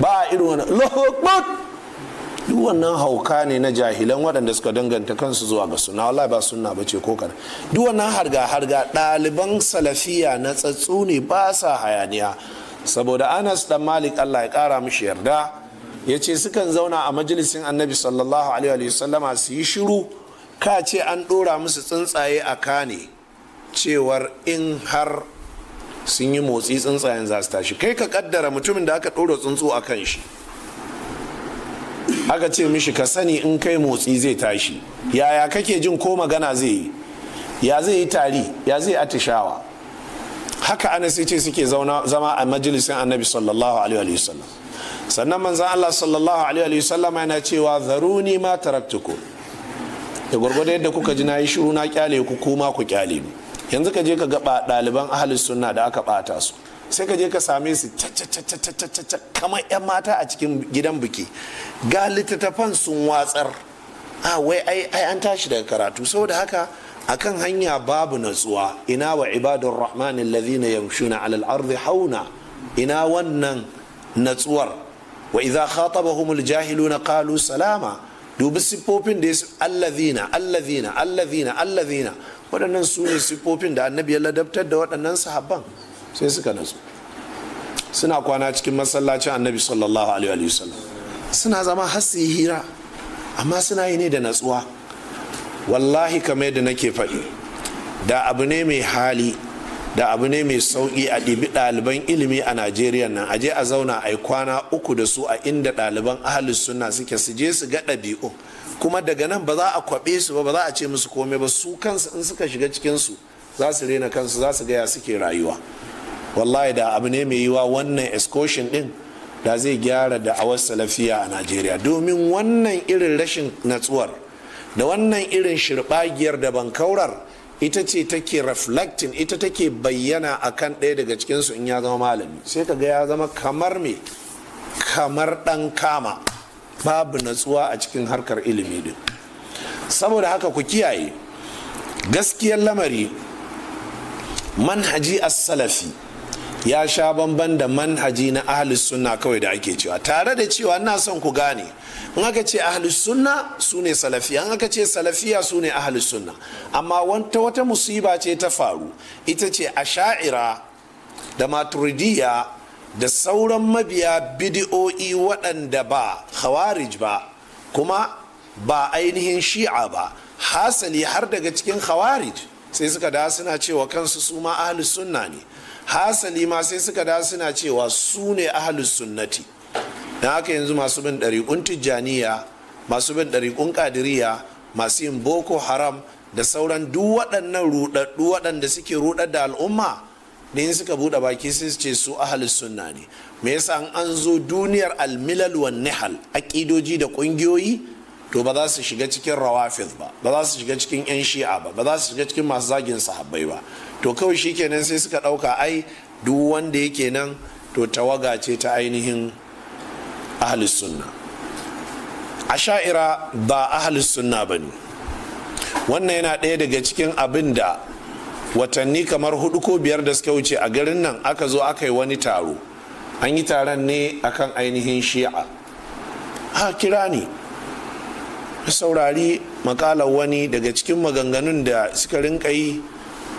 ba a irin wani duk wannan hauka ne na jahilan waɗanda suka danganta kansu zuwa ga suna wallahi ba sunna ba ce kokar duk wannan harga harga ɗaliban salafiya na tsatsu ne ba sa hayaniya saboda anas dan malik allah ya ƙara mishi yarda ya ce sukan zauna a majalisin annabi sallallahu alaihi wasallama su yi shiru ka ce an ɗora musu tsuntsaye a kane cewar in har sun yi motsi tsuntsayen za su tashi kai ka kaddara mutumin da aka ɗora tsuntsu a kan shi aka ce mishi ka sani in kai motsi zai tashi yaya kake jin ko magana zai yi ya zai yi tari ya zai atishawa haka sai ce suke zama a majalisin annabi sallallahu alaihi sallam. sannan manzan allah sallallahu alaihi wasallam yana cewa zaruni ma taraktuku da gwargwado yadda kuka ji na yi shiru na kyale ku kuma ku kyale ni yanzu ka je ka ga ɗaliban ahalus sunna da aka ɓata su sai ka je ka same su kamar 'yan mata a cikin gidan biki ga littattafan sun watsar a wai ai an tashi daga karatu saboda haka akan hanya babu natsuwa ina wa ibadun rahman alladhina yamshuna alal ardi hauna ina wannan natsuwar wa idza khatabahumul jahiluna qalu salama dubi siffofin da ya alladhina alladhina alladhina alladhina waɗannan su ne siffofin da annabi ya ladabtar da waɗannan sahabban sai suka nasu suna kwana cikin masallacin annabi sallallahu alaihi wa sallam. suna zama har suyi hira amma suna yi ne da natsuwa wallahi kamar da nake faɗi da abu ne mai hali da abu ne mai sauƙi a ɗibi ɗaliban ilimi a najeriya nan aje a zauna a kwana uku da su a inda ɗaliban ahalus suna suke su je su ga ɗabi'u kuma daga nan ba za a kwaɓe su ba ba za a ce musu komai ba su kansu in suka shiga cikinsu za su rena kansu za su gaya suke rayuwa wallahi da abu ne mai yiwa wannan excursion din da zai gyara da awar salafiya a najeriya domin wannan irin rashin natsuwar da wannan irin shirɓagiyar da bankaurar ita ce take reflecting ita take bayyana a kan ɗaya daga cikinsu in ya zama malami sai ka ga ya zama kamar me kamar ɗan kama babu natsuwa a cikin harkar ilimi din saboda haka ku kiyaye gaskiyar lamari manhaji as-salafi ya sha bamban da manhaji na ahlus sunna kawai da ake cewa tare da cewa ina son ku gane in aka ce ahlus sunna su ne salafiya in aka ce salafiya su ne ahlus sunna amma wata wata musiba ce ta faru ita ce asha'ira da maturidiyya da sauran mabiya bidi'o'i waɗanda ba khawarij ba kuma ba ainihin shi'a ba hasali har daga cikin khawarij sai suka da suna cewa kansu su ma ahlus sunna ne hasali ma sai suka da suna cewa su ne ahlus sunnati Na haka yanzu masu bin ɗariƙun tijjaniya masu bin ɗariƙun ƙadiriya masu yin boko haram da sauran duk waɗannan ruɗaɗɗu waɗanda suke ruɗar da al'umma ne suka buɗe baki sai su ce su ahalus sunna ne me yasa an an zo duniyar almilal wan nihal aƙidoji da ƙungiyoyi to ba za su shiga cikin rawafiz ba ba za su shiga cikin yan shi'a ba ba za su shiga cikin masu zagin sahabbai ba to kawai kenan sai suka ɗauka ai duk wanda yake nan to tawaga ce ta ainihin ahalus sunna asha'ira ba ahalus sunna bane wannan yana ɗaya daga cikin abin da watanni kamar hudu ko biyar da suka wuce a garin nan aka zo aka yi wani taro an yi taron ne akan ainihin shi'a ha kira ni saurari makalar wani daga cikin maganganun da suka rinka yi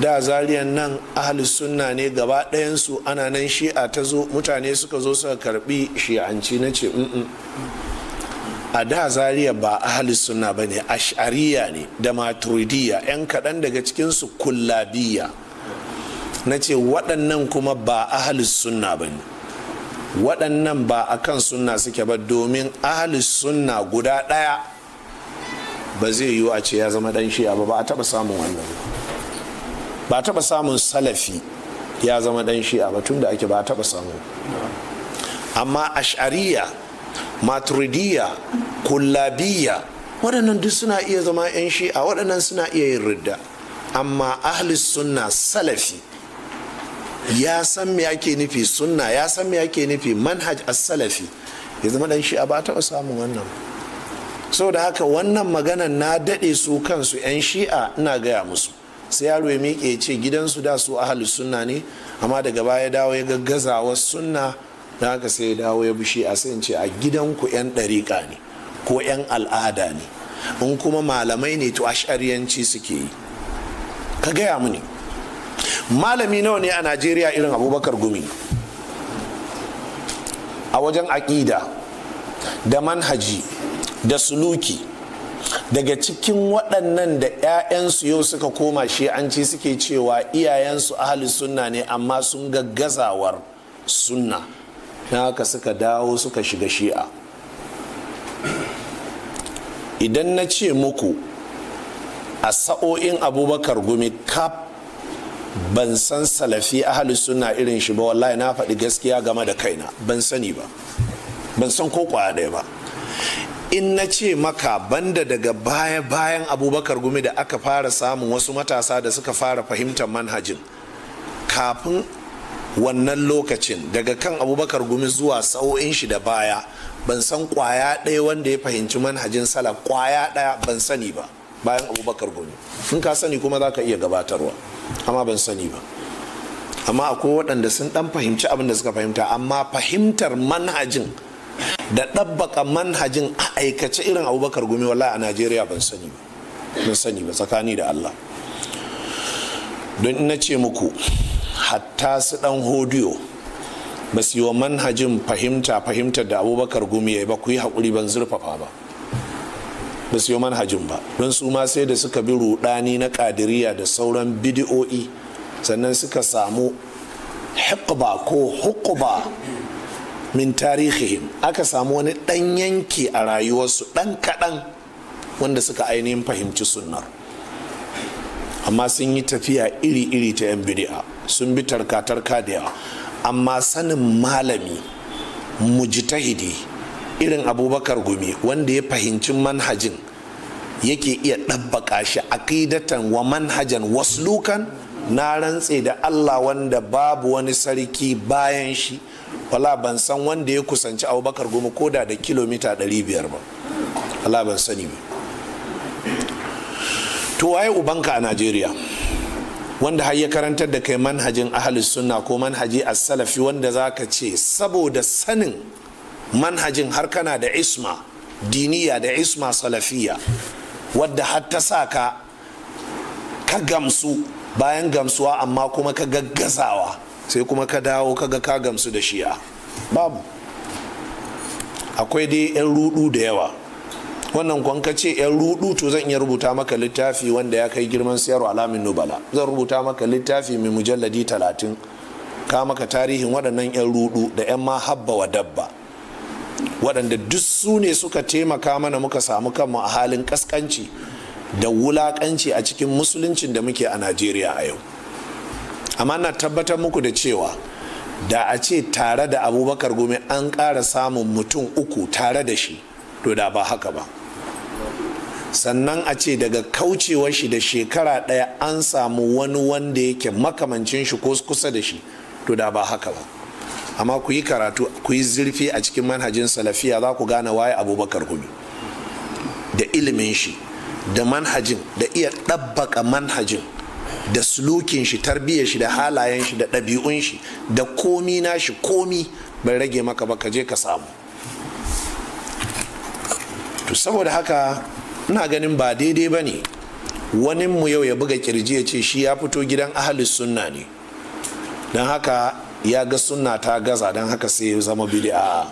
da zariyan nan ahalus sunna ne gaba ɗayansu ana nan shi'a ta zo mutane suka zo suka karbi shi'anci na ce a da Zariya ba ahli sunna ba ne ash'ariya ne da maturidiya 'yan kaɗan daga cikinsu kullabiya na ce waɗannan kuma ba ahli sunna ba ne waɗannan ba a kan sunna suke ba domin ahli sunna guda ɗaya ba zai yiwu a ce ya zama ɗan shi'a ba ba a taɓa samun wannan ba a taɓa samun salafi ya zama ɗan shi'a ba tun da ake ba a taɓa samu amma ash'ariya maturidiyya kullabiya waɗannan duk suna iya zama 'yan shi'a waɗannan suna iya yin ridda amma ahli sunna salafi ya san me ake nufi sunna ya san me ake nufi manhaj a salafi ya zama dan shi'a ba taɓa samun wannan saboda haka wannan maganan na daɗe su kansu 'yan shi'a ina gaya musu sai yaro ya miƙe ya ce gidansu da su ahalus sunna ne amma daga baya dawo ya gaggazawa sunna da haka sai ya dawo ya bishi a sai ce a gidanku 'yan ɗariƙa ne ko 'yan al'ada ne in kuma malamai ne to ashariyanci suke yi ka gaya mini malami nawa ne a najeriya irin abubakar gumi a wajen aƙida da manhaji da suluki daga cikin waɗannan da 'ya'yansu yau suka koma shi an ci suke cewa iyayensu ahalin sunna ne amma sun gaggazawar sunna na haka suka dawo suka shiga shi'a idan na ce muku a sa'o'in abubakar gumi kaf ban san salafi halin suna irin shi ba wallahi na faɗi gaskiya game da kaina ban sani ba ban san ko kwaya ɗaya ba in na ce maka banda daga baya bayan abubakar gumi da aka fara samun wasu matasa da suka fara fahimtar manhajin kafin wannan lokacin daga kan abubakar gumi zuwa sa'o'in shi da baya ban san kwaya ɗaya wanda ya fahimci manhajin sala. kwaya ɗaya ban sani ba bayan abubakar gumi in ka sani kuma za ka iya gabatarwa amma ban sani ba amma akwai waɗanda sun ɗan fahimci abin da suka fahimta amma fahimtar manhajin da ɗabbaka manhajin a aikace irin abubakar gumi wallahi a najeriya ban sani ba ban sani ba tsakani da allah don ina ce muku hatta su ɗan hodiyo ba manhajin fahimta fahimtar da abubakar gumi ya ba ku yi haƙuri ban zurfafa ba ba manhajin ba don su ma sai da suka bi rudani na kadiriya da sauran bidiyo'i sannan suka samu hukba ko hukuba min tarihihim aka samu wani ɗan yanki a rayuwarsu ɗan kaɗan wanda suka ainihin fahimci sunnar amma sun yi tafiya iri-iri ta 'yan bidi'a sun bi tarka-tarka da yawa amma sanin malami mujtahidi irin abubakar gumi wanda ya fahimci manhajin yake iya ɗabbaka shi aqidatan wa manhajan waslukan na rantse da allah wanda babu wani sarki bayan shi wala ban san wanda ya kusanci abubakar gumi koda da kilomita 500 ba wala ban sani ba to waye ubanka a najeriya wanda har ya karantar da kai manhajin ahalus sunna ko manhaji as-salafi wanda ka ce saboda sanin manhajin har kana da isma diniya da isma salafiya wadda har ta sa ka ka gamsu bayan gamsuwa amma kuma ka gaggasawa sai kuma ka dawo kaga ka gamsu da shi'a babu akwai dai 'yan rudu da yawa wannan kwan ce yan rudu to zan iya rubuta maka littafi wanda ya kai girman siyarwa alamin nubala zan rubuta maka littafi mai mujalladi talatin ka maka tarihin waɗannan yan rudu da yan ma habba wa dabba waɗanda duk su ne suka taimaka mana muka samu kanmu a halin kaskanci da wulakanci a cikin musuluncin da muke a najeriya a yau amma na tabbatar muku da cewa da a ce tare da abubakar gome an ƙara samun mutum uku tare da shi to da ba haka ba sannan a ce daga kaucewar shi da shekara ɗaya an samu wani wanda yake makamancin shi ko kusa da shi to da ba haka ba amma ku yi karatu ku yi zurfi a cikin manhajin salafiya za ku gane waye abubakar gumi da ilimin shi da manhajin da iya ɗabbaka manhajin da sulukin shi tarbiyyar shi da halayen shi da ɗabi'un shi da komi na shi komi bai rage maka ba ka je ka samu to saboda haka ina ganin ba daidai ba ne wani mu yau ya buga kirji ya ce shi ya fito gidan ahalis sunna ne don haka ya ga sunna ta gaza don haka sai ya zama bid'a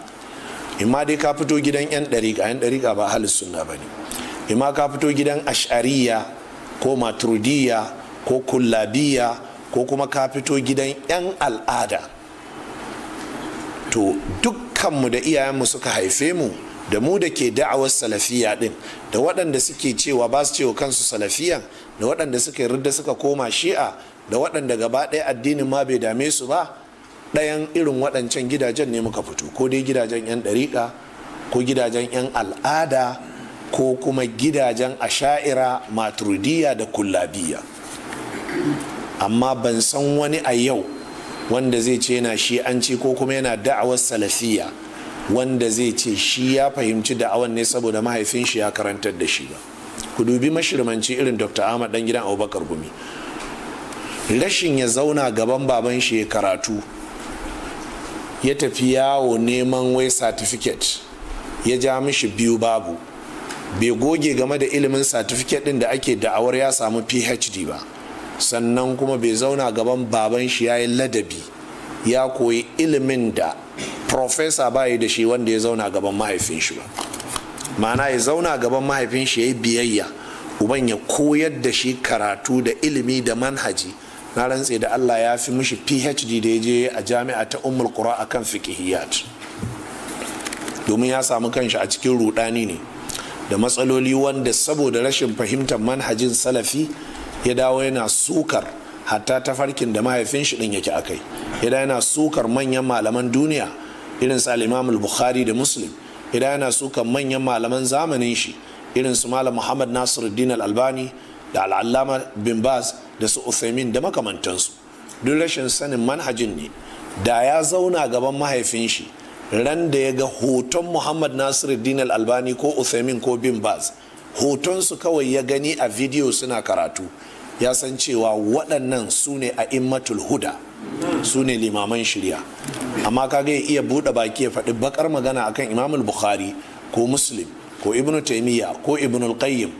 imma dai ka fito gidan yan dariƙa yan dariƙa ba ahalis sunna ba ne imma ka fito gidan ash'ariya ko maturdiya ko kullabiya ko kuma ka fito gidan yan al'ada to dukkanmu da iyayenmu suka haife mu da mu da ke da'awar salafiya din da waɗanda suke cewa ba su cewa kansu salafiyan da waɗanda suka yarda suka koma shi'a da waɗanda gaba ɗaya addinin ma bai dame su ba ɗayan irin waɗancan gidajen ne muka fito ko dai gidajen 'yan ɗariƙa ko gidajen 'yan al'ada ko kuma gidajen asha'ira maturidiyya da kullabiya amma ban san wani a yau wanda zai ce yana shi'anci ko kuma yana da'awar salafiya wanda zai ce shi ya fahimci da'awan ne saboda mahaifin shi ya karantar da shi ba ku dubi mashirmanci irin dr ahmad dan gidan abubakar gumi rashin ya zauna gaban baban shi ya karatu ya tafi yawo neman wai certificate ya ja mishi biyu babu bai goge game da ilimin certificate din da ake da'awar ya samu phd ba sannan kuma bai zauna gaban baban shi ya yi ladabi ya koyi ilimin da professor bayi da shi wanda ya zauna gaban mahaifin shi ba Mana ya zauna gaban mahaifin shi ya yi biyayya uban ya koyar da shi karatu da ilimi da manhaji na rantse da allah ya fi mushi phd da ya je a jami'a ta ummul a kan fikihiyat. domin ya samu kanshi a cikin rudani ne da matsaloli wanda saboda rashin fahimtar manhajin salafi ya dawo yana sukar hatta tafarkin da mahaifin shi din yake akai ya yana sukar manyan malaman duniya irin su al bukhari da Muslim idan yana su kan manyan malaman zamanin shi irin su Malam Muhammad Nasiruddin al-Albani da al-Allama bin Baz da su Uthaymin da makamantansu duk rashin sanin manhajin ne da ya zauna gaban mahaifin shi ran da ya ga hoton Muhammad Nasiruddin al-Albani ko Uthaymin ko bin Baz hoton su kawai ya gani a video suna karatu ya san cewa waɗannan su ne a immatul huda su ne limaman shirya amma kaga iya buɗe baki ya faɗi bakar magana akan imam bukhari ko muslim ko ibnu taimiyya ko ibnu qayyim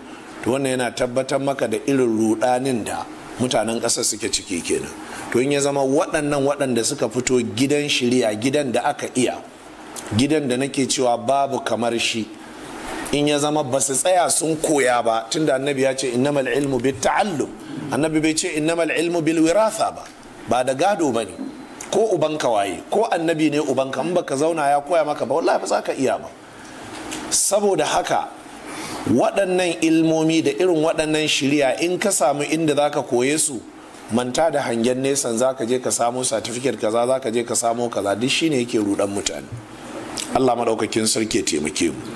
to wannan yana tabbatar maka da irin rudanin da mutanen ƙasar suke ciki kenan to in ya zama waɗannan waɗanda suka fito gidan shirya gidan da aka iya gidan da nake cewa babu kamar shi in ya zama ba su tsaya sun koya ba tunda annabi ya ce innamal ilmu bit ta'allum annabi bai ce innamal ilmu bil wirasa ba ba da gado bane ko ubanka waye ko annabi ne ubanka in baka zauna ya koya maka ba wallahi ba za ka iya ba saboda haka waɗannan ilmomi da irin waɗannan shirya in ka samu inda za ka koye su manta da hangen nesan za ka je ka samo satifiket kaza za ka je ka samo kaza duk shine yake rudan mutane allah maɗaukakin sarki taimake mu